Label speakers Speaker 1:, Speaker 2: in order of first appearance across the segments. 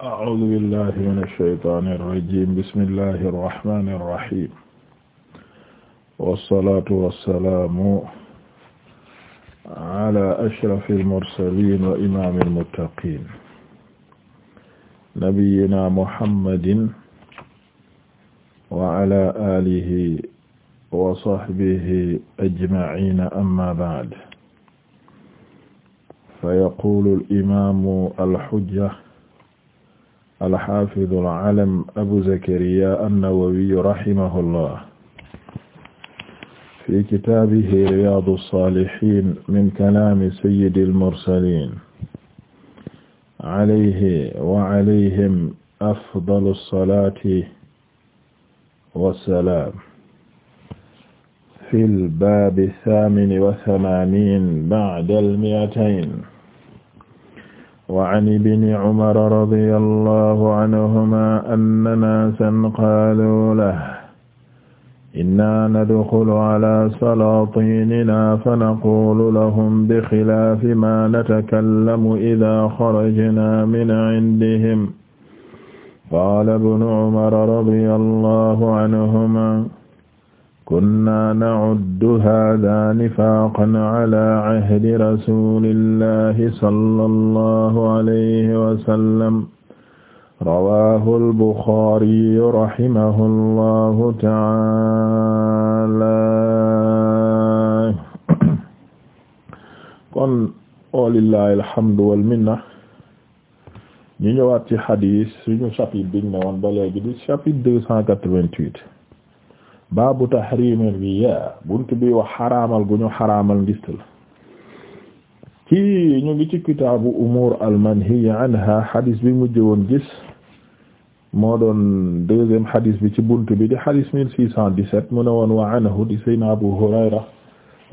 Speaker 1: a'uuzu billaahi mina shaytaani rajiim bismillaahi rahmaani rahiim wassalaatu wassalaamu ala ashrafil mursaliin wa imaamil muttaqiin nabiyyinaa muhammadin wa ala aalihi wa sahbihi ajma'iina ammaa ba'd fa yaquulu al-imaamu al-hujja alxafidu alalam abu zakariya annawawiyu rahimahullah fi kitaabihi riyaadu saalihiin min kalaami sayyidi almursaliin alayhi wa alayhim afdalu salaati wassalaam fil baabi saamini wa samaaniin ba'dal mi'atayn وعن ابن عمر رضي الله عنهما أن ناسا قالوا له إنا ندخل على سلاطيننا فنقول لهم بخلاف ما نتكلم إذا خرجنا من عندهم قال ابن عمر رضي الله عنهما kunna na'uddu haadha nifaaqan ala cahdi rasulillahi sallallahu alayhi wa sallam rawaahu al-Buxaariyu rahimahullahu ta'aala kon walillahi alhamdu wal minna ñu ñëwaat ci xadiis suñu chapitre bi ñu ne woon ba léegi di chapitre deux cent quatre-vingt-huit baabu tahrimil riya bunt bi wax xaraamal gu ñu xaraamal ngist la ci ñu ngi ci kitaabu umuur al manhiya anha xadis bi mujj woon gis moo doon deuxième xadis bi ci bunt bi di xadis mille six cent dix-sept mu ne woon wa anhu di sayna abu hurayra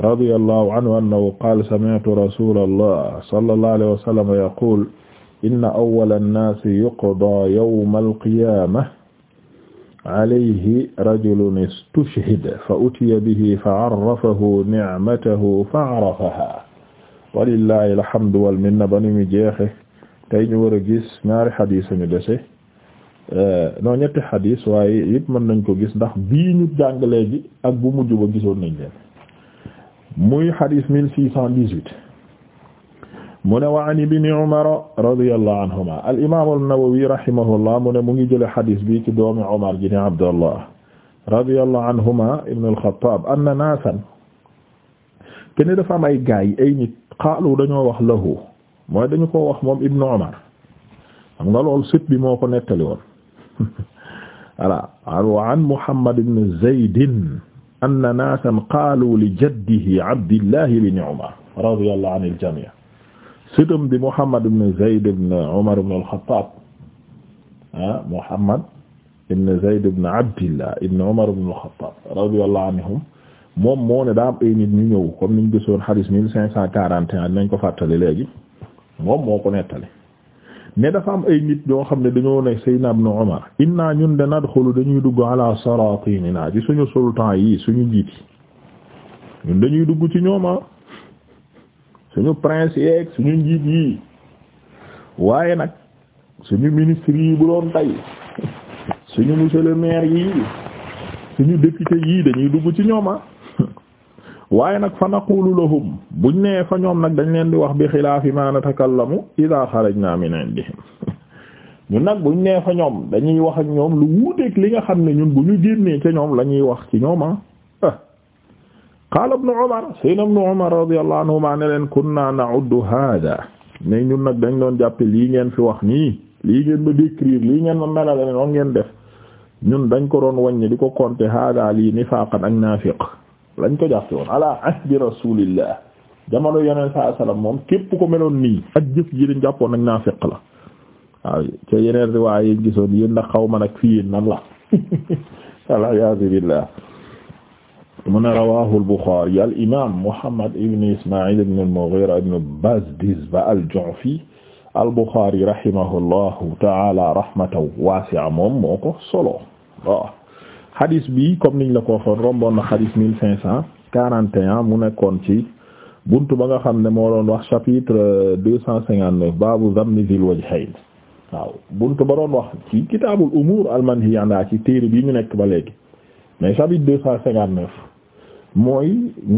Speaker 1: radiyallahu anhu annahu qaala sami'tu rasulallah sallallahu alayhi wa sallam yaqul inna awwala an-naasi yuqdaa yawma al-qiyaamah alayhi rajulun istushhida fa utiya bihi fa arrafahu ni'matahu fa arafaha walillahi alhamdu wal minna ba nu mu jeexe tey ñu war a gis ñaari xadis ñu dese euh, non ñetti xadis waaye it mën nañ ko gis ndax bii ñu jàng léegi ak bu mujj ba gisoon nañ leen muy xadis mille six cent dix-huit mu ne wa an ibni umara radiyallahu anhuma al imam an-nawawi rahimahullah mu ne mu ngi jële xadis bi ci doomi umar ji ni abdallah radiyallahu anhuma ibn al-khattab anna naasan kene dafa am ay gaay ay nit xaalu dañoo wax lahu mooy dañu ko wax moom ibnu umar xam nga loolu sët bi moo ko nettali woon voilà wa an muhammad ibn zaydin anna naasan qaalu li jaddihi abdillahi ibn umar radiyallahu anil jami' sëtam di Muhammad ibn Zayd ibn Umar ibn al-Khattab ah Muhammad ibn Zayd ibn Abdillah ibn Umar ibn al-Khattab radiyallahu anhum moom moo ne daa am ay nit ñu ñëw comme niñ gisoon xadis mille cinq cent quarante et un nañ ko fàttali léegi moom moo ko nettali mais dafa am ay nit ñoo xam ne dañoo ne Seydina ibn Umar inna ñun de nadxulu dañuy dugg ala saratinina ci suñu sultan yi suñu njiiti ñun dañuy dugg ci ñooma ah. suñu prince yeeg suñu njiit yi waaye nag suñu ministre yi bu doon tey suñu monsieur maire yi suñu député yii dañuy dugg ci ñooma ah. waaye nag fa naqulu lahum buñ nee fa ñoom nag dañ leen di wax bi xilaafi ma natakallamu ida xarajna min indihim ñu nag buñ nee fa ñoom dañuy wax ak ñoom lu wuuteeg li nga xam ne ñun bu ñu génnee ca ñoom la ñuy wax ci ñooma ah. qaala ibnu Umar sayna ibnu Umar radiyallahu anhuma ne leen kunna na'uddu hada ne ñun nag dañ doon jàppe lii ngeen fi wax nii lii ngeen ma décrire lii ngeen ma melale noon ngeen def ñun dañ ko doon wàññi di ko compter hada lii nifaaqan ak naafiq lañ ko jàppe woon ala ahdi rasulillah jamono yeneen saa sallam moom képp ko meloon nii ak jëf ji dañ jàppoon ak naafiq la waaw ca yeneen riwaaya yi gisoon yéen ndax xaw ma nag fii nan la ala yaazu billah mun rawahu al-Bukhari al-imam Muhammad ibn Isma'il ibn al-Mughira ibn Bazdizba al-Ju'fi al-Bukhari rahimahullahu ta'ala rahmatan wasi'a moom moo ko solo waaw hadis bi comme niñ la ko waxoon romboon na hadis mille cinq cent quarante et un mu nekkoon ci buntu ba nga xam ne moo doon wax chapitre deux cent cinquante neuf baabu zammi zil wajhayn waaw buntu ba doon wax ci kitaabul umuur al-manhiyya ci téere bi ñu nekk ba léegi mais chapitre mooy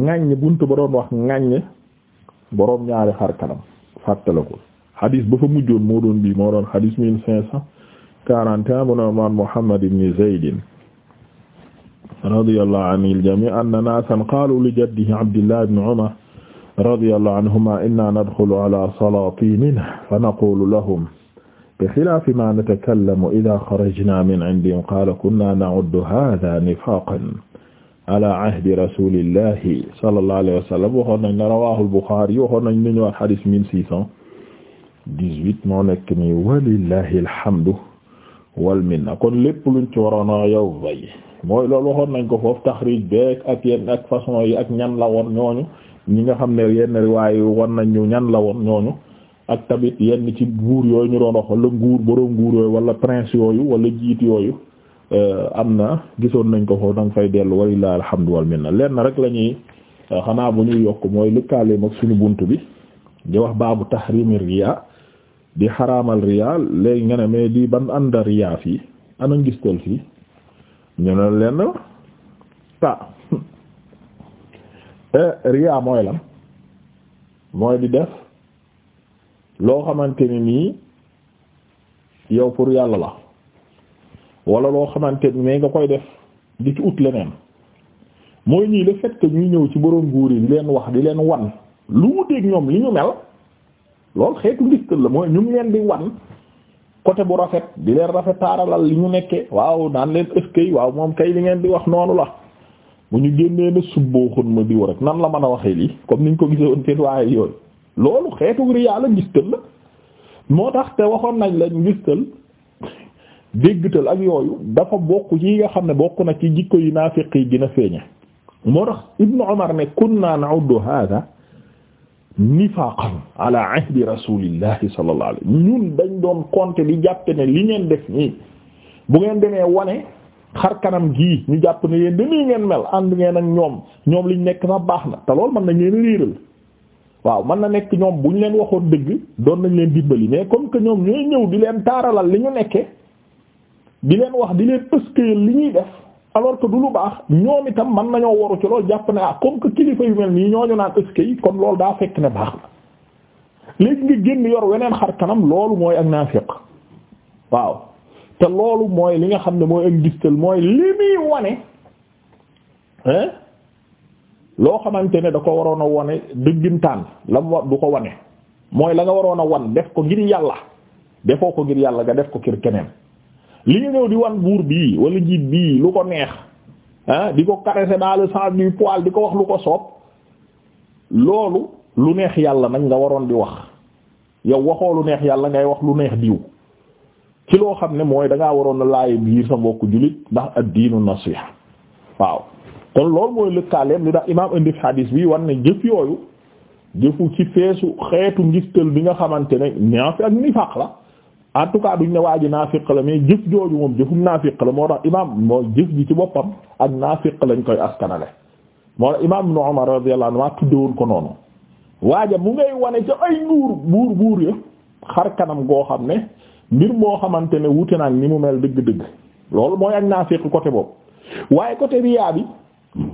Speaker 1: ŋàññ buntu ba doon wax ŋàññ boroom ñaari xar kanam fàttalakul xadis ba fa mujjoon moo doon bii moo doon xadis mille cinq cent quarante et un bu Nu'man Muhammad ibn Zayd radiyallahu anil jami' anna naasan qaalu li jaddihi Abdillah ibn Umar radiyallahu anhuma inna nadxulu ala salaatinina fa naqulu lahum bi xilaafi ma natakallamu idaa xarajna min indihim qaala kunna na'uddu haadaa nifaaqan ala ahdi rasulillahi sallallahu alayhi wa sallam waxoon nañ ne rawaahul Buxaari waxoon nañ ni ñu wax xadis mille six cent dix-huit moo nekk nii walillahi alhamdu wal minna kon lépp luñ ci waroon a yow bay mooy loolu waxoon nañ ko foofu taxriij beeg ak yenn ak façon yi ak ñan la woon ñooñu ñi nga xam ne yenn riwaay woon nañ ñu ñan la woon ñooñu ak tamit yenn ci guur yooyu ñu doon wax wala nguur borom nguur yooyu wala prince yooyu wala jiit yooyu Euh, am na gisoon nañ ko foofu da fay dellu walillahi alhamdu wal lenn rek la ñuy euh, xanaa bu ñuy yokk mooy lëkkaaleem ak suñu bunt bi di wax baabu tahrimi riyaa di xaraamal riyaa léegi nga ne mais di ban ànda riyaa fii ana ngistal fii ñu ne lenn ta eh, riyaa mooy lan mooy di def loo xamante ni nii yow pour yàlla la wala loo xamante mais nga koy def di ci ut leneen mooy ñii le fait que ñuy ñëw ci borom nguur yi di leen wax di leen wan lu mu dégg ñoom li ñu mel loolu xeetu ngistal la mooy ñu ngi leen di wan côté bu rafet di leen rafet taaralal li ñu nekkee waaw naan leen ëskay waaw moom kay li ngeen di wax noonu la bu ñu génnee na subbooxoon ma diw rek nan la mën a waxee lii comme niñ ko gisewoon seen waaye yooyu loolu xeetu riyaa la ngistal la moo tax te waxoon nañ la ngistal déggtal ak yooyu dafa bokk yi nga xam ne bokk na ci jikko yi naafiq yi gën a moo tax ibnu Umar ne kunna na'uddu hadha nifaqan ala ahdi rasulillahi sallallahu alayhi ñun dañ doon compter di jàppe ne li ngeen def nii bu ngeen demee wane xar kanam gii ñu jàpp ne yéen dañuy ngeen mel ànd ngeen ak ñoom ñoom liñ nekk sax baax na te loolu mën nañ leen réeral waaw mën na nekk ñoom bu ñu leen waxoon dëgg doon nañ leen dimbali mais comme que ñoom ñooy ñëw di leen taaralal li ñu nekkee di leen wax di leen ëskëyal li ñuy def alors que du lu baax ñoom itam man nañoo waru ci loolu jàpp ne ah comme que kilifa yu mel nii ñooñu naan ëskëy kon loolu daa fekk ne baax na léegi nga génn yor weneen xar kanam loolu mooy ak naa naafiq waaw te loolu mooy li nga xam ne mooy ak gistal mooy li muy wane hein loo xamante ne da ko waroon a wane dëggintaan la mu war du ko wane mooy la nga waroon a wan def ko ngir yàlla defoo ko ngir yàlla nga def ko ngir keneen li nga di wan buur bii wala njiit bii lu ko neex ah di ko caresser dans le sens poil di ko wax lu ko soob loolu lu neex yàlla nag nga waroon di wax yow waxoo lu neex yàlla ngay wax lu neex diw ci loo xam ne mooy dangaa waroon a laay biir sa mbokk jullit ndax ad-diinu nasiha waaw kon lool mooy lëkkaaleem li tax imaam indi hadis bi war na jëf yooyu jëfu ci feesu xeetu ngistal bi nga xamante ne ñaa fi ak nifaq la en tout cas duñ ne waa ji naafiq la mais jëf jooju moom jëfum naafiq la moo tax imaam moo jëf ji ci boppam ak naafiq lañ koy askanale moo tax imaam Ibn Umar radiyallahu anhu maa tuddewoon ko noonu waaja mu ngay wane ca ay nguur buur buur ya xar kanam goo xam ne mbir moo xamante ne wuute naag ni mu mel dëgg-dëgg loolu mooy ak naafiq côté boobu waaye côté riyaa bi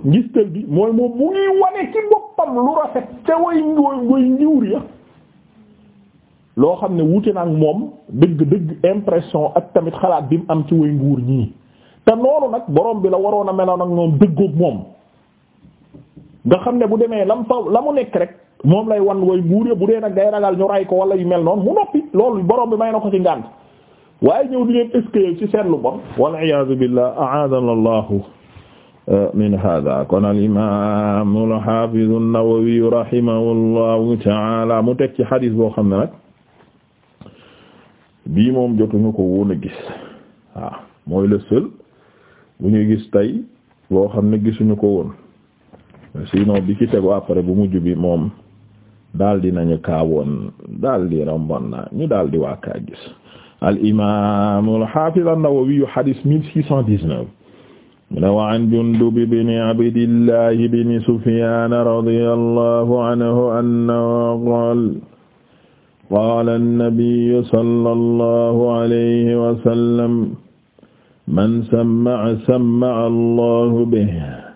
Speaker 1: ngistal bi mooy moom mu ngi wane ci boppam lu rafet ca way way ya loo xam ne wuute nag moom dëgg dëgg impression ak tamit xalaat bi mu am ci way nguur ñii te noonu nag borom bi la waroon a meloon ak moom dëggoog moom nga xam ne bu demee lam fa la mu nekk rek moom lay wan way nguur ya bu dee nag day ragal ñu ray ko wala yu mel noonu mu noppi loolu borom bi may na ko ci ngànt waaye ñëw di leen eskay ci seetlu bon wal iyaadu billah a'aadana allahu uh, min hada kon al imam al hafiz an-Nawawi rahimahullahu ta'ala mu teg ci xadis boo xam ne bii moom jotuñu ko woon a gis waaw mooy le seul bu ñuy gis tey boo xam ne gisuñu ko woon sinon bi ci tegu après bu mujj bi moom daal di nañu kaawoon daal di rombon na ñu daal di waa kaa gis al imaam al haafiz an-Nawawi hadith mille six cent dix-neuf mu ne wa an Jundub ibn Abdillah ibn Sufyaan radiyallahu anhu annahu qaala qaala annabiyu sala allahu alayhi wasallam man sammaa sammaa allahu bihi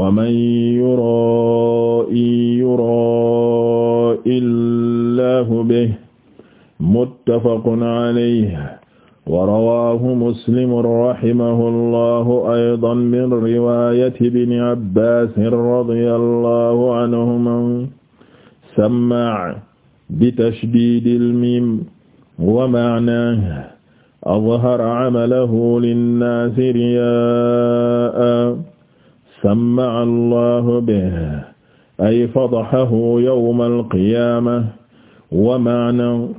Speaker 1: wa man yuraa'i yuraa'i allahu bihi muttafaqun alayhi wa rawaahu muslimun rahimahu allahu aydan min riwaayati ibni abbaasin radiyallahu anhumaa sammaa bi tashdiidil miim wa ma'naahu azhara amalahu linnaasi riyaa'an samma'a allahu bihi ay fadahahu yawmal qiyaamah wa ma'naahu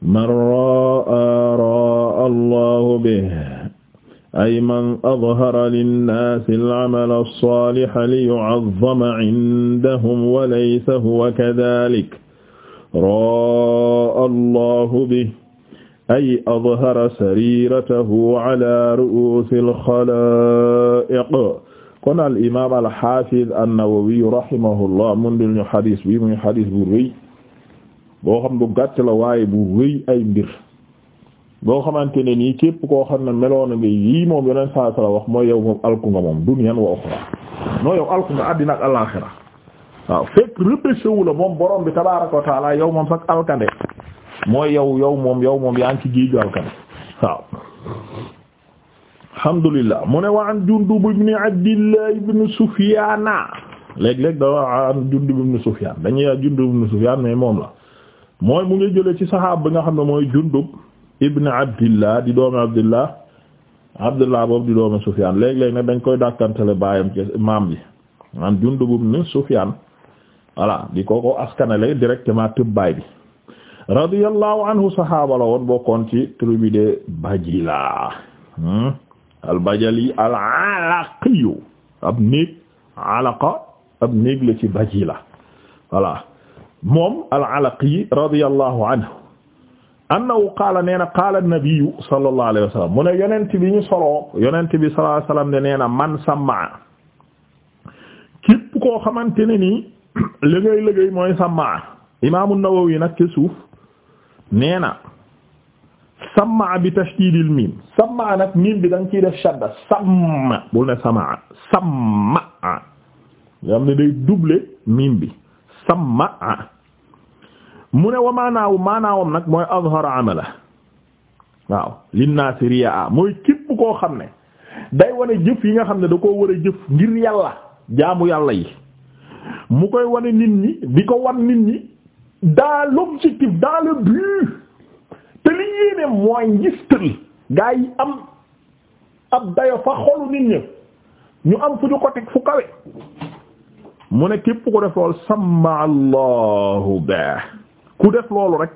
Speaker 1: man raa'a raa'a allahu bihi ay man azhara linnaasi al-amala as-saaliha liyu'azzama 'indahum wa laysa huwa kadhaalik raa allahu bi ay adhara sariratahu ala ru'usi alxalaiq kon al imam alxafid annawawi rahimahullah mundil ñu xadis bi muy xadis bu rëy boo xam bu gàtt la waaye bu rëy ay mbir boo xamante ne nii képp koo xam ne meloona nga yii moom yeneen saa wax mooy yow moom alku moom duniyan wa uxra noo yow alaaxira waaw fekk repêché wu la moom borom bi tabaaraka wa yow moom sax alkande mooy yow yow moom yow moom yaa ngi ci géeju alkande waaw alhamdulillah mu ne wa an Jundub ibn Abdillah ibn Sufyaan léeg-léeg da an Jundub ibn Sufyaan dañuy moom la mooy mu ngi jëlee ci saxaab bi nga xam ne mooy Jundub ibn Abdillah di doomi Abdillah Abdillah boobu di doomi Sufyaan léeg-léeg nag dañ koy dàkkantale baayam ci maam li an Jundub ibn Sufyaan voilà di ko ko askanale directement tëbbaay bi radiyallahu anhu sahaaba la woon bokkoon ci tribu de Bajila hmm? al Bajali al Alaqiyu ab néeg Alaqa ab néeg la Bajila voilà moom al Alaqi radiyallahu anhu annahu qaala nee na qaala nabiyu sallallahu alayhi wa sallam mu ne na man sama képp koo xamante ne nii liggéey liggéey mooy samaa imaamu Nawawi nag ci suuf nee na samaa bi tashdiidil miim samaa nag miim bi da nga ciy def shadda samma bul ne samaa samma nga xam ne day doubler miim bi samaa mu ne wa maanaawu maanaawam nag mooy azhara amala waaw linnaasi riyaa mooy képp koo xam ne day wane jëf yi nga xam ne da koo war a jëf ngir yàlla jaamu yàlla yi mu koy wane nit ñi di ko wan nit ñi dans l'objectif dans le but te li yéene mooy ngistal gaa yi am ab dayo fa xolu nit ñi ñu am fu ñu ko teg fu kawe mu ne képp ku def loolu sama allahu ba ku def loolu rek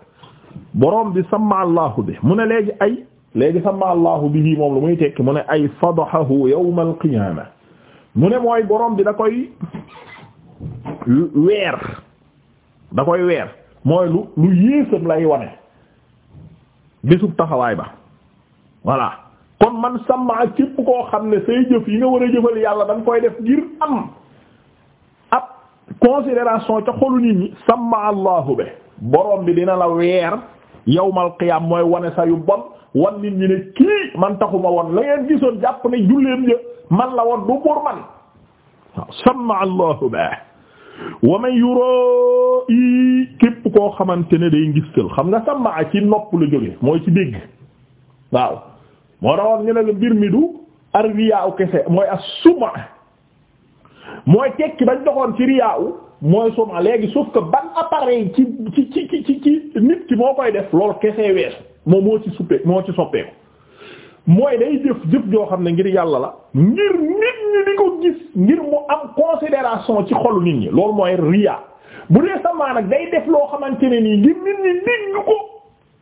Speaker 1: boroom bi sama allahu bi mu ne léegi ay léegi sama allahu bi hii moom lu muy tekki mu ne ay fadahahu yawm al qiyama mu ne mooy boroom bi da koy weer da koy weer mooy lu lu yéesam lay wone bésub taxawaay ba voilà kon man sàmmaa képp koo xam ne say jëf yi nga war a jëfal yàlla da koy def ngir am ab considération ca xolu nit ñi sàmma allahu be borom bi dina la weer yawmal qiyam mooy wane sa yu bon wan nit ñi ne kii man taxuma won la ngeen gisoon jàpp ne julleem ja man la won du pour man allahu be wa man yuroo képp koo xamante ne day ngistal xam nga sàmmaa ci nopp la jóge mooy ci dégg waaw moo taxoon ñu la mbir mi du arriyaaw kese mooy as suma mooy tekki bañ doxoon ci riyaaw mooy suma léegi sauf que ban appareil ci ci ci ci nit ki moo koy def loolu kese wees moom moo ci suppee moo ci soppeeku mooy day jëf jëf joo xam ne ngir yàlla la ngir nit ñi di ko ngir mu am considération ci xolu nit ñi loolu mooy riya bu dee sama nag day def loo xamante ne nii ngir nit ñi nit ñu ko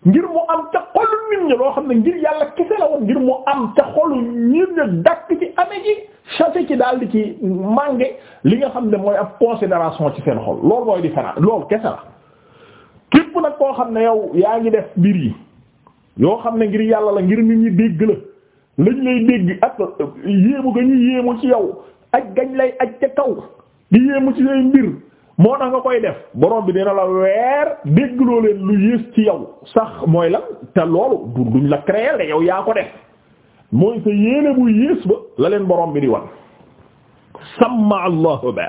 Speaker 1: ngir mu am ca xolu nit ñi loo xam ne ngir yàlla kese la woon ngir mu am ca xolu nit ñi dakk ci amee ci chassé ci daal ci mànge li nga xam ne mooy ab considération ci seen xol loolu mooy di fena loolu kese la képp nag koo xam ne yow yaa ngi def mbir yi yoo xam ne ngir yàlla la ngir nit ñi dégg la lañ lay dégg ak yéemu ga ñu yéemu ci yow aj gañ lay aj ca kaw di yéemu ci say mbir moo tax nga koy def borom bi dina la weer déggloo leen lu yées ci yow sax mooy la te loolu du duñ la créer la yow yaa ko def mooy sa yéene bu yées ba la leen borom bi di wan samma allahu ba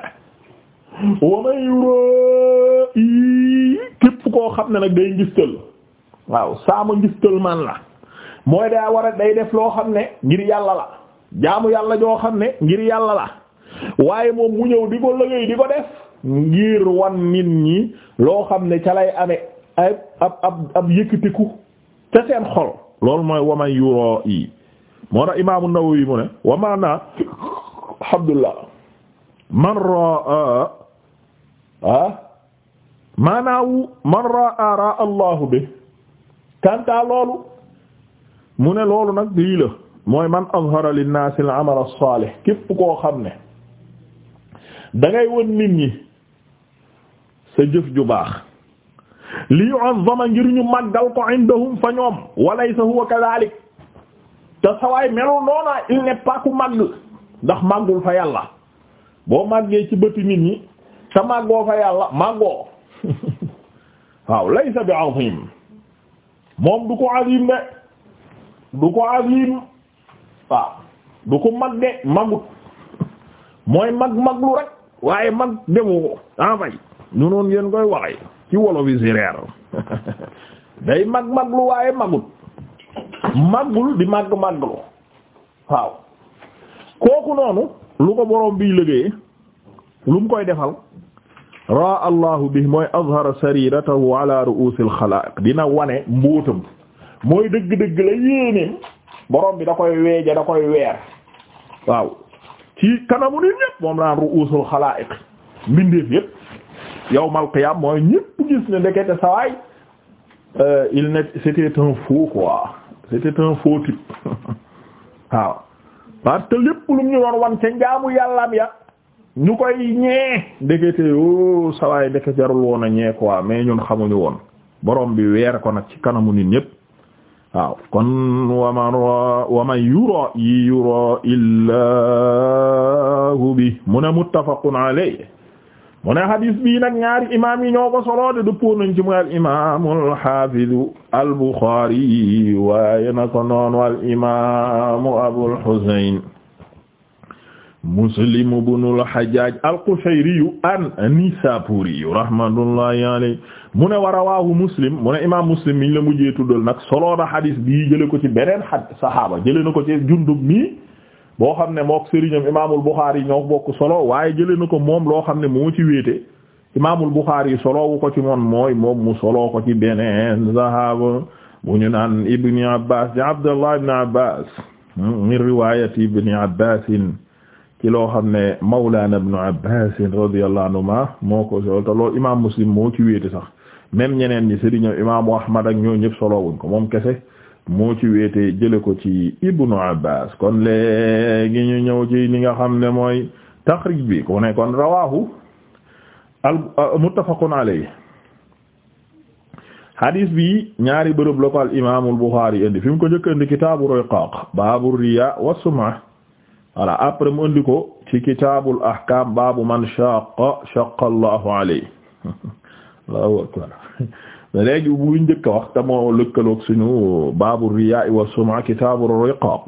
Speaker 1: koo xam ne nag day waaw saama ngistal man la mooy daa war a day def loo xam ne ngir yàlla la jaamu yàlla joo xam ne ngir yàlla la waaye moom mu ñëw di ko liggéey di ko def ngir wan nit ñi loo xam ne calay lay amee ay ab ab ab yëkkatiku ca seen xol loolu mooy waman yuroo yi moo tax imaamu Nawawi mu ne wa maana alhamdulillah man ah, man raa raa allahu bi kanta loolu mu ne loolu nag lii mooy man azhara linnaasi al-amal as-salih képp koo xam ne dangay woon nit ñi sa jëf ju baax li yu'azzama ngir ñu màggal ko indahum fa ñoom wa laysa te sawaay melul noona il n'est pas màgg ndax màggul fa yàlla boo màggee ci bëti nit ñi te màggoo fa yàlla màggoo waaw laysa bi azim moom du ko azim ne du ko azim waaw du ko mag magut mooy mag maglu rek waaye mag demu ko enfay ñu noon ngeen koy waxee ci wolof yi si reer day mag maglu waaye magut magul di mag maglu waaw kooku noonu lu ko boroom biy liggéeye lu mu koy defal raa allahu bi mooy azhara sariratahu ala ru'usil xalaa'iq dina wane mbóotam mooy dëgg-dëgg la yéenéem borom bi da koy weeje da koy weer waaw ci kanamu nit ñëpp moom laan ru'usul xalaa'iq mbindeef yëpp yawmal qiyaam mooy ñëpp gis ne ndekete sawaay euh, il ne c'était un faux quoi c'était un faux type waaw parce que lépp lu ñu doon wan ca njaamu yàllaam ya ñu koy ñee ndekete yoo oh, sawaay ndeke jarul woon a ñee quoi mais ñun xamuñu woon borom bi weer ko nag ci kanamu nit ñëpp waaw kon waman waman yura yi yura illahu bi mu ne muttafaqun alayhi mu ne hadis bii nag ñaari imam yi ñoo ko soloo de dëppoo nañ ci mu al imam al hafiz al bukhari waaye na ko noonu al imam abul husayn Muslim ibn al-Hajjaj al-Qushayri an-Nisapuri rahmatullahi alayhi mu ne wa rawahu Muslim mu ne imaam Muslim mi ñu la mujjee tuddal nag solo na xadis bii jëlee ko ci beneen xa saxaaba jëlee na ko ci Jundub mi boo xam ne mook sëriñam imaamul Bukhari ñoo bokk solo waaye jëlee na ko moom loo xam ne moo ci wéete imaamul Bukhari solo wu ko ci moon mooy moom mu solo ko ci beneen saxaaba bu ñu naan Ibn Abbas di Abdullah ibn Abbas min riwaayati Ibn Abbas ci loo xam ne mawlana ibn Abbas radiyallahu anhuma moo ko solo te Muslim moo ci wéete sax même ñeneen ñi sëriñam imaamu Ahmad ak ñoo ñëpp solo wuñ ko moom kese moo ci wéete jële ko ci ibnu Abbas kon léegi ñu ñëw ci li nga xam ne mooy taxrij bi ku kon rawahu al muttafaqun alayhi hadis bi ñaari bërëb la ko al imaamu al indi fi ko njëkk indi kitaabu riqaaq baabu riyaa wa voilà après mu andi ko ci kitaabul ahkaam baabu man shaqqa shaqqa allahu alayhi allahu akbar léegi bu njëkk a wax tamoo lëkkaloog suñu baabu riyaa wa sum'a kitaabu riqaaq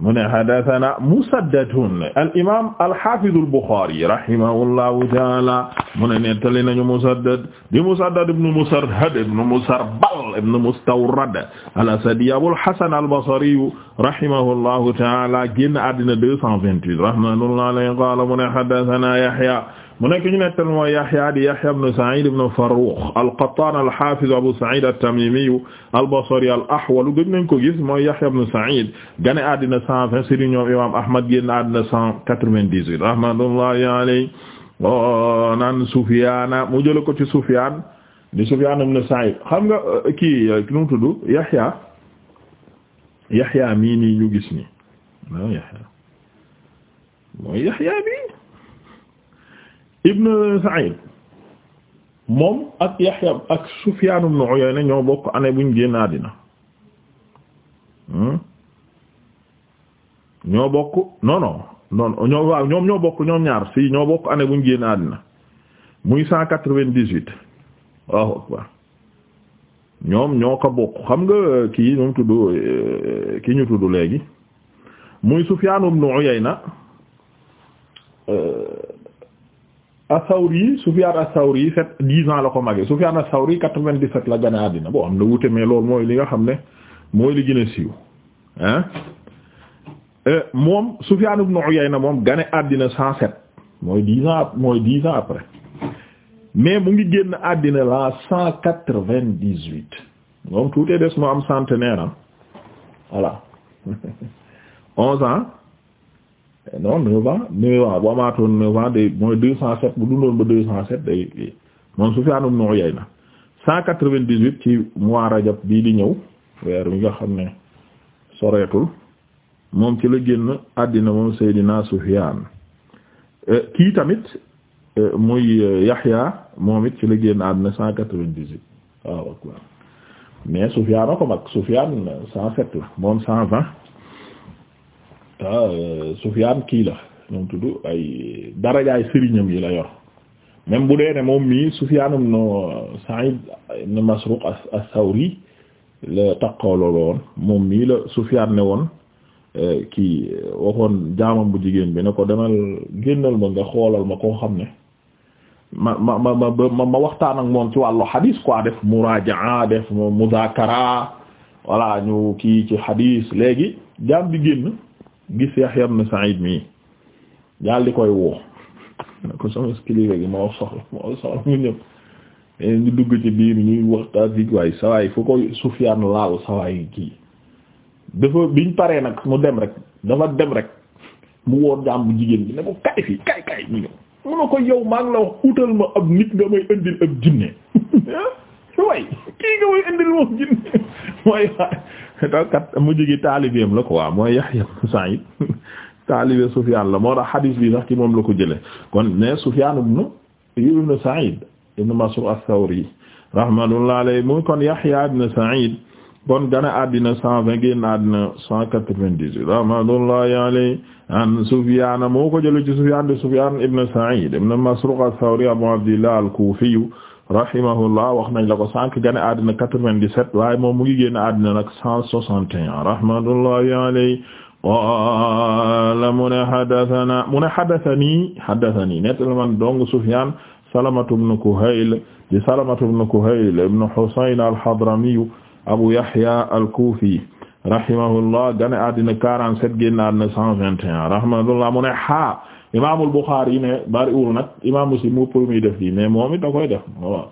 Speaker 1: mu ne haddathana musaddadun al imaam al haafiz al buxaari rahimahullahu ta'aala mu ne nettali nañu musaddad di musaddad ibn musarhad ibn musarbal ibn Mustawrad al-Asadi Abul Hasan al-Basri rahimahullahu ta'ala génn àddina 228 rahmatullahi alayhi qala mu ne haddathana Yahya mu nekk ñu nettal mooy Yahya di Yahya ibn Sa'id ibn Farrukh al-Qattan al-Hafiz Abu Sa'id at-Tamimi al-Basri al-Ahwal gëj nañ ko gis mooy Yahya ibn Sa'id gane àddina 120 sëriñ ñoom imam Ahmad génn àddina 198 rahmatullahi alayhi an Sufyan mu jël ko ci Sufyan di Sufyaan ibn Sa'iid xam nga euh, kii euh, nu tudd Yaxya Yaxya mii nii ñu gis nii waaw Yaxya mooy Yaxya bi ibn Sa'iid moom ak Yaxya ak Sufyaan ibn Uyayna ñoo bokk année buñ génn àddina hmm? ñoo bokk non non ñoo waaw ñoom ñoo ñaar fii ñoo bokk année buñ génn àddina muy cent quatre-vingt-dix-huit Allahu akbar ñoom ñoo ko bokk xam nga kii ñu tudd eh, kii ñu tudd léegi muy Sufyaan ibn Uyayna na eh, sawri Sufyaan as-Sawri sept dix ans la ko màggee su as-Sawri quatre-vingt-dix-sept la gane àddina boo am na wuute mais loolu mooy li nga xam ne mooy li gën a siiw ah moom Sufyaan ibn Uyayna moom gane àddina cent sept mooy dix ans après mais mu ngi génn àddina la cent quatre-vingt-dix-huit moom tuutee des mu am centenaire ah voilà onze ans eh non neuf ans neuf ans bu amaatoon neuf ans day mooy deux cent sept bu dundoon ba deux cent sept day moom Sufyaan ibn Uyayna cent quatre-vingt-dix-huit ci mois Rajab bii di ñëw weer wi nga xam ne soreetul moom ci la génn àddina moom Seydina Sufyaan eh, kii tamit Euh, muy euh, Yaxya moom it ci la génn àdduna cent quatre-vingt-dix-huit waaw ak mais Sufyaan a ko mag Sufyaan cent sept moom cent vingt te euh, Sufyaan kii la ñoom tudd ay darajaay sëriñam yi la yor même bu dee ne moom mii Sufyaanum no Saïd ibn Masruq as-Sawri la taqooloo woon moom mii la Sufyaan ne woon kii waxoon jaamam bu jigéen bi ne ko demal génnal ma nga xoolal ma koo xam ne ma ma ma ma ma waxtaan ak moom ci wàllu hadis quoi def muraajaa def muzaakara ñu kii ci hadis léegi jaam bi génn gis Yahya ibn Sa'id mii koy woo ko sama kilifa gi moo soxla mu ñëpp eh, ñu dugg ci biir ñuy waxtaan bi waaye sawaay fu ko Sufyaan laal sawaay kii dafa biñ paree nag mu dem rek dafa dem rek mu woor jaam bu jigéen bi ne ko kay fii kay kay mu ñëw mu ne ko yow maa la wax utal ma ab nit nga may indil ab jinne ah, way kii nga may indil moom jinne mooy kat mu jigi taalibeem la quoi mooy Yahya ibn Sa'id taalibe Sufyaan la moo tax xadiis bi sax ci moom la ko jële kon ne Sufyaan ibn ibn Sa'id ibn Masruq ath-Thawri rahmatullahi alayhi mu kon Yahya ibn Sa'id kon gane addina cent vingt génn addina cent quatre-vingt-dix rahmatullahi alayhi an Sufyaan moo ko jële ci Sufyaan de Sufyaan ibn Sa'iid ibn Masruuq ath-Thawri Abu Abdillah al-Kuufi rahimahullah wax nañ la ko sànq gane addina quatre-vingt-dix-sept waaye moom mu ngi génn addina nag cent soixante et un rahmatullahi alayhi qaala mu ne haddasanaa mu ne haddasanii haddasanii nettali man dong Sufyaan Salamatu ibn Kuhayl di Salamatu ibn Kuhayl ibn Husayn al-Hadramiyu Abu Yahya al-Kufi rahimahullah gane addina 47 génn addina 121 rahimahullah mu ne ha imaamul Bukhari ne bariwul nag imaam Muslim mu premier def yi mais moom it da koy def voilà.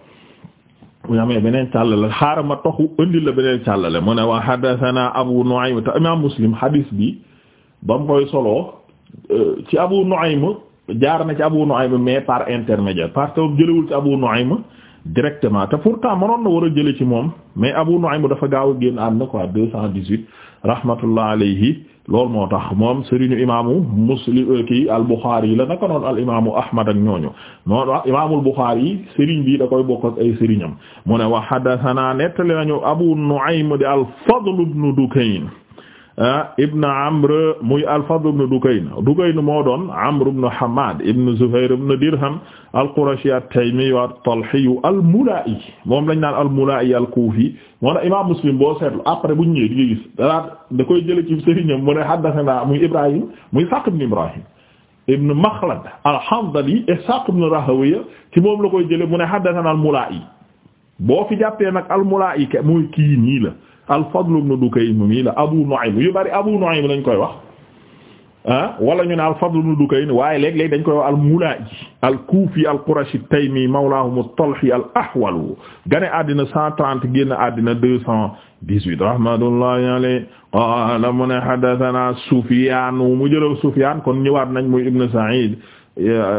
Speaker 1: mu amee beneen càllale xaaral ma toxu indi la beneen càllale mu ne wa haddathana Abu Nu'aym te imaam Muslim hadis bi ba mu koy soloo euh, ci Abu Nu'aym jaar na ci Abu Nu'aym mais par intermédiaire parce que jëlewul ci Abu Nu'aym directement te pourtant mënoon na war a jële ci moom mais Abu Nu'aym dafa gaaw a génn ko quoi deux cent dix-huit rahmatullah alayhi loolu moo tax moom sëriñu imaamu Muslim euh, kii al-Bukhari yi la naka noonu al imaamu Ahmad ak ñooñu noonu imaamul Bukhari yi sëriñ bi da koy bokk ak ay sëriñam mu ne wa haddathana nettali nañu Abu Nu'aym di al-Fadl ibn Dukayn Ah, ibn Amr muy al-Fadl ibn Dukayn Dukayn moo doon Amr ibn Hammad ibn Zuhayr ibn Dirham al-Qurashi at-Taymi at-Talhi al-Mula'i moom lañ naan al-Mula'i al-Kufi moo tax Imaam Muslim boo seetlu après bu ñëwee di gis dara da koy jëlee ci sëriñam mu ne haddathana muy Ibrahim muy Ishaq ibn Ibrahim ibn Makhlad al-Hanzali Ishaq ibn Rahawiya ci moom la koy jëlee mu ne haddathana al-Mula'i boo fi jàppee nag al-Mula'i muy kii nii la. al-Fadl ibn Dukaym mii la Abu Nu'aym yu bari Abu Nu'aym lañ koy wax ah wala ñu ne al-Fadl ibn Dukayn waaye léeg-léeg dañ koy wax al-Mulaaji al-Kuufi al-Qurashi at-Taymi mawlaahum at-Talhi al-Ahwal gane àddina cent trente génn àddina deux cent dix-huit rahmatullahi alayhi qaala mu ne haddathanaa Sufyaan mu jëlaw Sufyaan kon ñëwaat nañ muy Ibn Sa'iid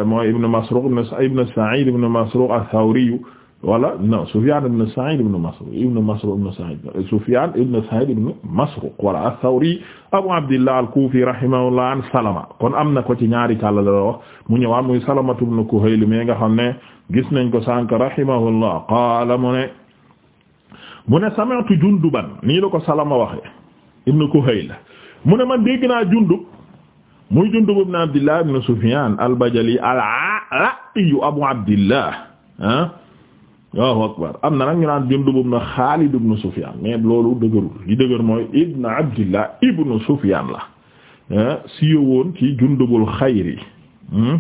Speaker 1: mooy Ibn Masruuq Ibn Sa'iid Ibn Masruuq ath-Thawri wala non Sufyan ibn Sa'id ibn Masruq ibn Masruq ibn Sa'id Abu Abdillah al-Kufi rahimahullah an Salama kon am na ko ci ñaari kàlla mu ñëwaat muy Salama ibn gis nañ ko sànq rahimahullah qaala mu ne mu ne sami'tu nii la ko Salama waxe ibn Kuhayl mu ne man dégg naa Jundub muy Jundub ibn Abdillah ibn Sufyan al-Bajali al-Ala'i Abu Abdillah ah. Allahu akbar am na nag ñu naan Jundub ibn Xaalid ibn Sufyaan mais loolu dëgërul li dëgër mooy ibn Abdillah ibn Sufyaan la eh, siyo woon ci Jundubul xayri hmm?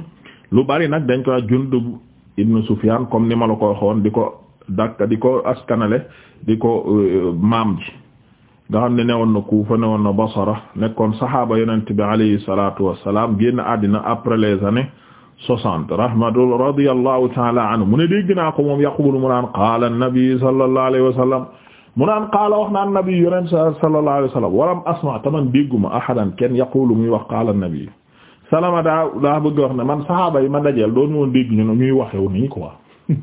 Speaker 1: lu bari nag dañ ko Jundub ibn Sufyaan comme ni ma la ko waxoon di ko dakk di ko askanale di ko eh, maam ji nga xam ne newoon na Kuufa newoon na Basra nekkoon saxaaba yonent bi alayhi salaatu wassalaam génn àddina après les années 60 rahmatul radiyallahu ta'ala anhu mu ne dégg naa ko moom yaqulu mu naan qaala nabi sallallahu alayhi wa sallam mu naan qaala wax naan nabi yonent sallallahu alayhi wa sallam walam asma taman dégguma ahadan kenn yaqulu muy wax qaala nabi salama daa daa bëgg wax ne man saxaaba yi ma dajeel doon woon dégg ñu ñuy waxew nii quoi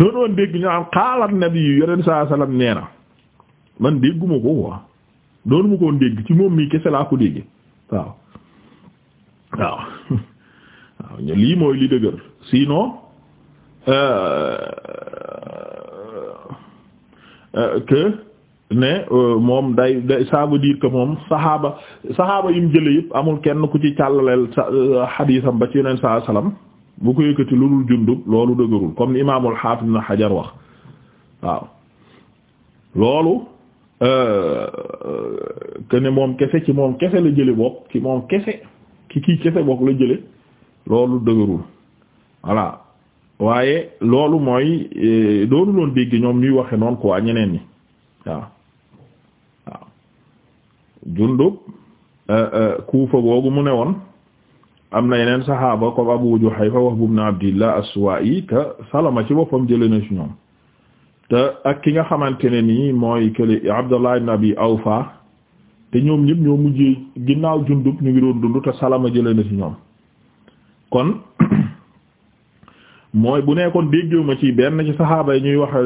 Speaker 1: doon woon dégg ñu nee na man dégguma ko quoi doon mu ko woon dégg ci moom mii kese laa waaw lii mooy li dëgër sinon euh, euh, que ne euh, moom day day ça veut dire moom saxaaba saxaaba yim jële yëpp amul kenn ku ci càllaleel xadiisam ba ci yeneen saa salaam bu ko yëkkati lu dul jundub loolu dëgërul comme ni imaamul xaafis na xajar wax waaw loolu que moom kese ci moom kese la jële bopp ci moom kese ki kii kese bokk la jële loolu dëgërul voilà waaye loolu mooy eh, doonu loon dégg ñoom ñuy waxe noonu quoi ñeneen ñi waaw waaw jundub eh, eh, kuufa googu mu ne woon am na yeneen saxaaba comme Abu Juhayfa Wahb ibn Abdillah as-Suwa'i te Salama ci boppam jële na ci ñoom te ak ki nga xamante ne nii mooy kële Abdullah ibn Abi te ñoom ñëpp ñoo mujjee ginnaaw jundub ñu ngi doon dund te salama jëlee na ci ñoom kon mooy bu ne kon déggew ma ci benn ci saxaaba yi ñuy waxe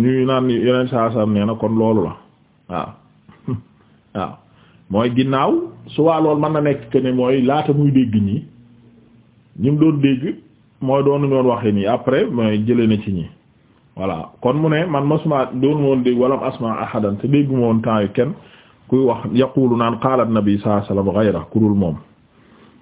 Speaker 1: ñuy naan yeneen saa saa na kon loolu la waaw waaw mooy ginnaaw su waa loolu mën na nekk que ne mooy laata muy dégg ñi ñi mu doon dégg mooy doonu ñoon waxe nii après mooy jëlee na ci ñi voilà kon mu ne man masuma doon woon dégg wala asma ahadan te déggu ma woon temps yu kenn. kuy wax yaqulu naan qaala nabi sallallahu alayhi wasallam ghayra kurul moom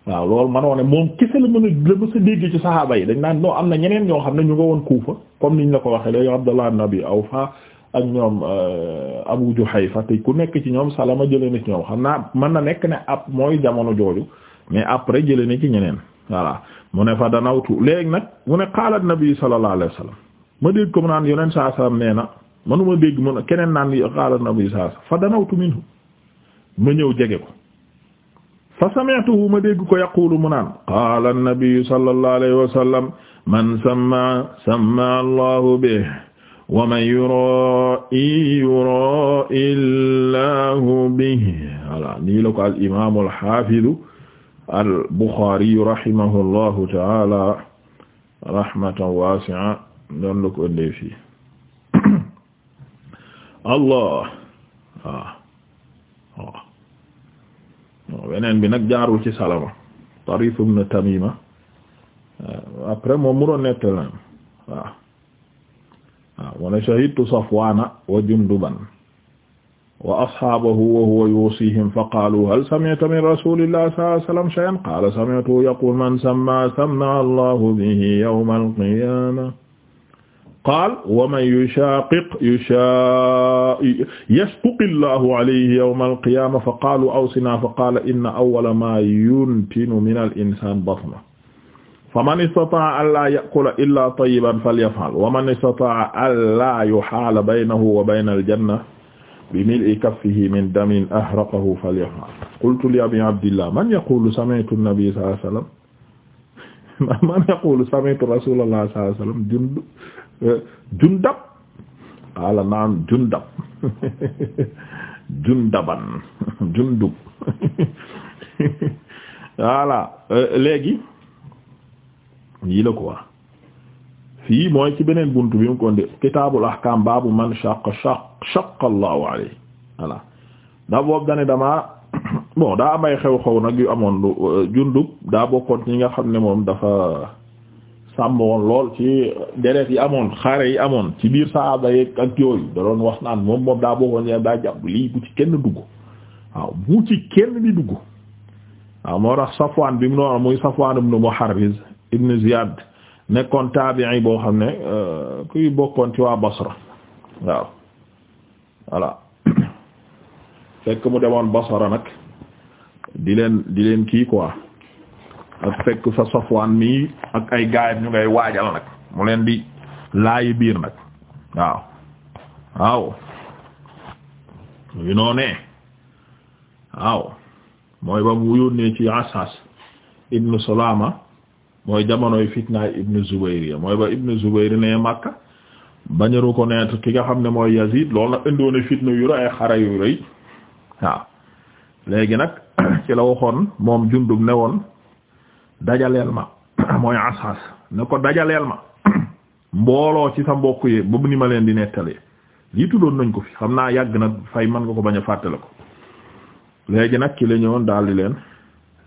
Speaker 1: waaw loolu manoo ne moom kese la mën a la mës a dégg ci saxaaba yi dañ naan non am na ñeneen ñoo xam ne ñu nga woon Kuufa comme niñ la ko waxee léegi Abdallah ibn Abi Awfa ak ñoom euh, Abu Juhayfa te ku nekk ci ñoom Salama jëlee na ci ñoom xam naa mën na nekk ne ab mooy jamono jooju mais après jëlee na ci ñeneen voilà mu ne fa danawtu léegi nag mu ne qaala nabi sallallahu alayhi wasallam ma dégg ko mu naan yoneen saa sallam nee na manuma dégg mun keneen naan qaala nabi sallallahu fa danawtu minhu ma ñëw jege ko fa sami'tuhu ma dégg ko yaqulu mu naan qaala an-nabi sallallahu alayhi wa sallam man samma samma allahu bihi wa man yura'i yura'i allahu bihi voilà nii la ko al imaam al haafiz al Buxaari rahimahullahu ta'ala rahmatan waasi'a noonu la ko ëndee fii Allah ah. waaw beneen bi nag jaarul ci salama Tarif ibn Tamima euh, après moom mu doon nettali na waaw waaw mu ne shahidtu Safwaana wa Junduban wa ashaabahu wa huwa yuusiihim fa qaaluu hal sami'ta min rasuulillaahi sallallaahu alayhi wa sallam shay'an qaala sami'tuhu yaquulu man sammaa sammaa Allaahu bihi yawmal qiyaamah qaal wa man yushaqiq yusha yashquqi llahu alayhi yawma alqiyama fa qaalu awsinaa fa qaala inna awwala maa yuntinu min al insaan batna fa man istataa'a allaa ya'kula illaa tayyiban falyaf'al wa man istataa'a allaa yuhaala baynahu wa bayna aljanna bi mil'i kaffihi min damin ahraqahu falyaf'al qultu li abii abdillah man yaqulu sami'tu an-nabiyya sallallahu alayhi wa sallam man yaqulu sami'tu rasuulallahi sallallahu alayhi wa sallam jund jundab qaala naam jundab jundaban jundub voilà léegi yii la quoi fii mooy ci beneen bunt bi mu ko ndi kitaabul ahkaam baabu man shaqqa shaqqa shaqqa Allahu alayhi voilà daa boobu dane damaa bon daa amay xew xew nag yu amoon jundub daa bokkoon ci nga xam ne moom dafa sàmm woon lool ci deret yi amoon xare yi amoon ci biir saaba yeeg ak yooyu da doon wax naan moom moom daa bokkoon ñe daa jàpp lii bu ci kenn dugg waaw bu ci kenn di dugg waaw moo tax Safwan bi mu noonu muy Safwan ibn bi ibn Ziyad nekkoon taabi'i boo xam ne euh, kuy bokkoon ci waa Basra waaw voilà fekk mu demoon Basra nag di leen di leen kii quoi ak fekk fa Safwaan mii ak ay gaayam ñu ngay waajal nag mu leen di laayi biir nag waaw waaw yu noo waaw mooy ba mu yónnee ci Asas ibnu Salama mooy jamonoy fitnaay ibnu Zubayr ya mooy ba ibnu Zubayr ne Makka bañ a reconnaître ki nga xam ne mooy Yazid loolu nag indoona fitna yu rëy ay xare yu rëy waaw léegi nag ci la waxoon moom Jundub ne woon dajaleel ma mooy asas ne ko dajaleel ma mbooloo ci sa mbokk yi boobu ni ma leen di nettalee lii tuddoon nañ ko fi xam naa yàgg na fay man nga ko bañ a fàttale ko léegi nag ki la ñëwoon daal di leen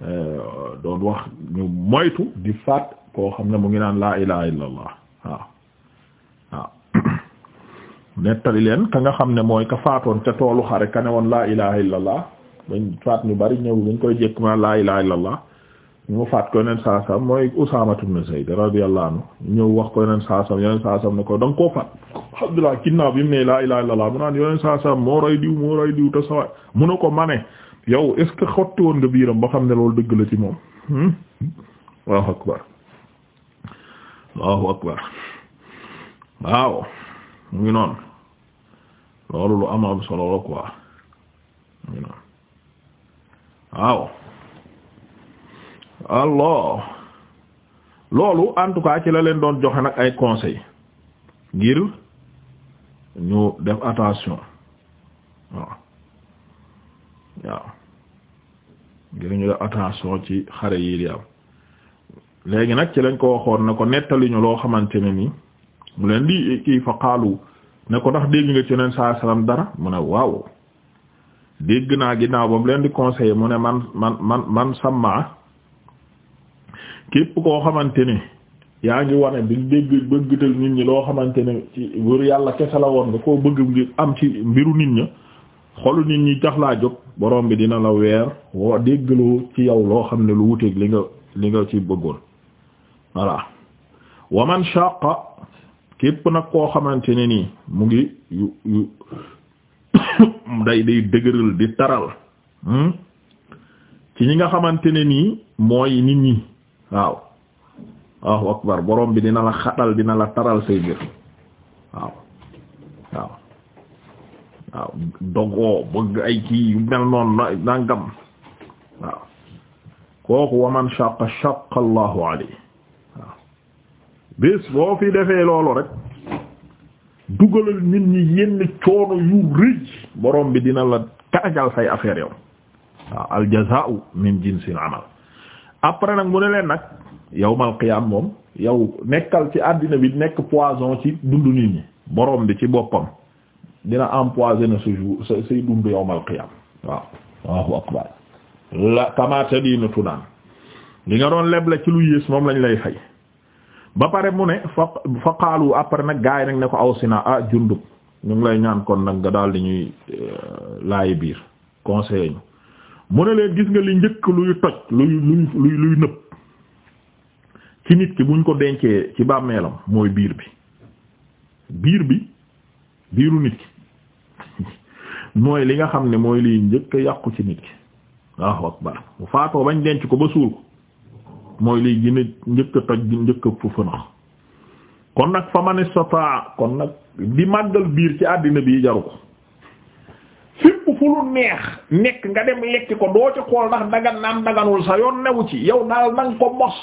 Speaker 1: euh, doon wax ñu moytu di faat koo xam ne mu ngi naan laa ilaha illa allah waaw nettali leen ka nga xam ne mooy ka faatoon ca toolu xare ka ne woon laa ilaha illa allah dañ faat ñu bari ñëw dañ koy jekk ma laa ilaha illa mu faat ko yeneen saasam mooy Usaama ibn Zayd radiyallahu anhu ñëw wax ko yeneen saasam yeneen saasam ne ko da koo faat alhamdulillah ginnaaw bi mu ne laa ilaaha illallaah mu mu ne ko mane yow est xotti woon nga biiram ba xam ne loolu dëgg la ci moom hmm? waaw mu ngi noonu loolu lu am am solo la quoi mu ngi noonu waaw allah loolu en tout cas ci la leen doon joxe nag ay conseil ngir ñu def attention waaw waaw ngir ñu def attention ci xare yi di am léegi nag ci lañ ko waxoon ne ko nettaliñu loo xamante ne nii mu leen di kii fa xaalu ne ko ndax dégg nga ci neen saa salaam dara mu ne waaw dégg naa ginnaaw ba mu leen di conseiller mu ne man man man man sama képp koo xamante ni yaa ngi wane bi dégg bëggtal nit ñi loo xamante ne ci wër yàlla kese la woon nga koo bëgg ngir am ci mbiru nit ña xolu nit ñi jax laa jóg borom bi dina la weer woo déggloo ci yow loo xam ne lu wuteeg li nga li nga ci bëggoon voilà waman shaqa képp nag koo xamante ne nii mu ngi yu yu day day dëgëral di taral hmm? ci ñi nga xamante ne nii mooy nit ñi waaw Allahu akbar borom bi dina la xatal dina la taral say mbir waaw waaw waaw dogoo ay kii yu mel noon nangam waaw kooku waman shaqa shaqa Allahu alayhi waaw bis boo fi defee loolu rek dugalal nit ñi yenn coono yu rëj borom bi dina la tarajal say affaire yow waaw al jazaa'u min jinsil amal après nag mu ne leen nag yawmal qiyaam moom yow nekkal ci àddina bi nekk poison ci dund nit ñi borom bi ci boppam dina empoisonner sa jour sa say dundu yawmal qiyaam waaw waaw akbar la kamata diinu tunaan li nga doon leble ci lu yées moom lañu lay fay ba pare mu ne fa fa après nag gars yi nag ne ko aw si na ah jundub ñu ngi lay ñaan kon nag nga daal di ñuy euh, laay biir conseiller ñu mu ne leen gis nga li njëkk luy toj luy luy luy nëb ci nit ki buñ ko dencee ci bàmmeelam mooy biir bi biir bi biiru nit ki mooy li nga xam ne mooy liy njëkk yàqu ci nit ki waaw akbar bu faatoo bañ denc ko ba suul ko mooy liy gën a njëkk a toj njëkk a fënax kon nag fa man istata kon nag di màggal biir ci àddina bi jaru ko ku lu neex nekk nga dem lekk ko doo ci xool ndax dagan naan daganul sa yoon newu ci yow daal nang ko mos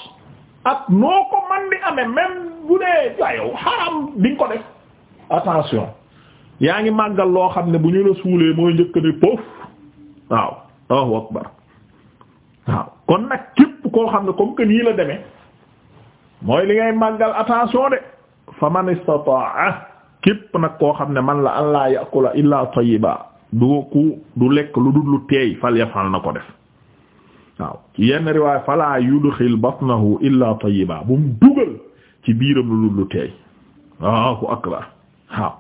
Speaker 1: ak noo ko man di amee même bu dee yow xaram di ko def attention yaa ngi màggal loo xam ne bu ñu la suulee mooy njëkk ne poof waaw Allahu akbar waaw kon nag képp koo xam ne comme que nii la li ngay màggal attention de koo xam ne man la an la ya'kula illa tayyiba du ku du lekk lu dul lu teey na ko def waaw ci yenn riwaay falaa yudxil illa tayyiba bu mu dugal ci biiram lu dul lu teey Allahu akbar waaw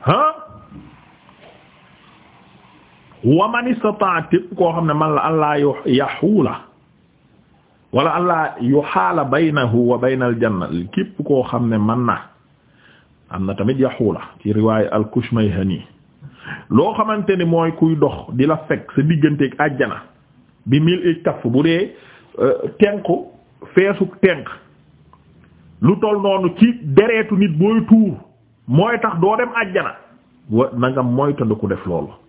Speaker 1: ha wa man istata'a koo xam ne man la allah yaxuula wala allah yuxaala baynahu wa bayna aljanna képp koo xam ne man na am na tamit yaxuula ci loo xamante ni mooy kuy dox di la fekk sa digganteeg àjjana bi mil i taf bu dee euh, tenqu feesuk tenq lu toll noonu ci deretu nit booy tuur mooy tax doo dem àjjana wa na nga moytandiku def loolu